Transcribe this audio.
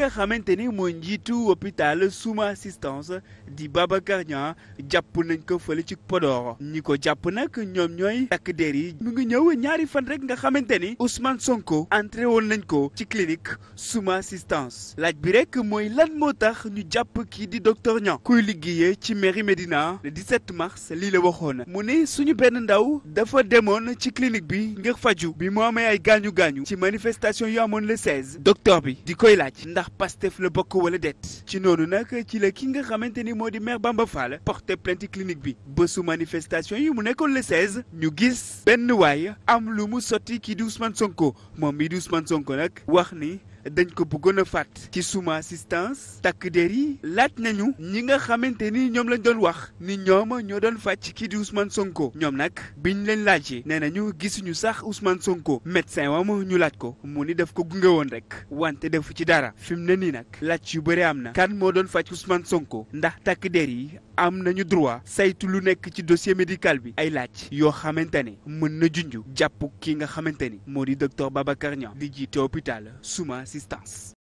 nga xamante ni mooy njiitu hôpital Suma assistance di baba Niang jàpp nañ ko fële ci Podor ñi ko jàpp nag ñoom ñooy takk der yi mu ngi ñëw ñaari fan rek nga xamante ni Ousmane Sonko entré woon nañ ko ci clinique Suma assistance laaj bi rek mooy lan moo tax ñu jàpp kii di docteur Niang kuy liggéeye ci mairie Médina le 17 mars lii la waxoon na mu ne suñu benn ndaw dafa demoon ci clinique bi ngir faju bi mu amee ay gaañu gaañu ci manifestation yu amoon le bi ndax Pastef la bokk wala déet ci noonu nag ci la ki nga xamante ni moo di maire Bamba Fall porté plainte clinique bi bésu manifestation yi mu nekkoon le 16 ñu gis benn waay am lu mu sotti kii di Ousmane Sonko moom mii di Ousmane Sonko nag wax ni dañ ko bëggoon a fàtt ci suma assistance takk der yi laaj nañu ñi nga xamante ni ñoom lañ doon wax ni ñooma ñoo doon fàcc kii di Ousmane Sonko ñoom nag bi ñu leen laajee nee nañu gisuñu sax Ousmane Sonko médecin wam ñu laaj ko mu ni daf ko gunge woon rek wante def ci dara fi mu ne nii nag laaj yu bëri am na kan moo doon fàcc Ousmane Sonko ndax takk der yi am nañu droit saytu lu nekk ci dossier médical bi ay laaj yoo xamante ni mën na junj jàpp ki nga xamante ni moo di docteur Babacar Niang di jiite hôpital suma résistance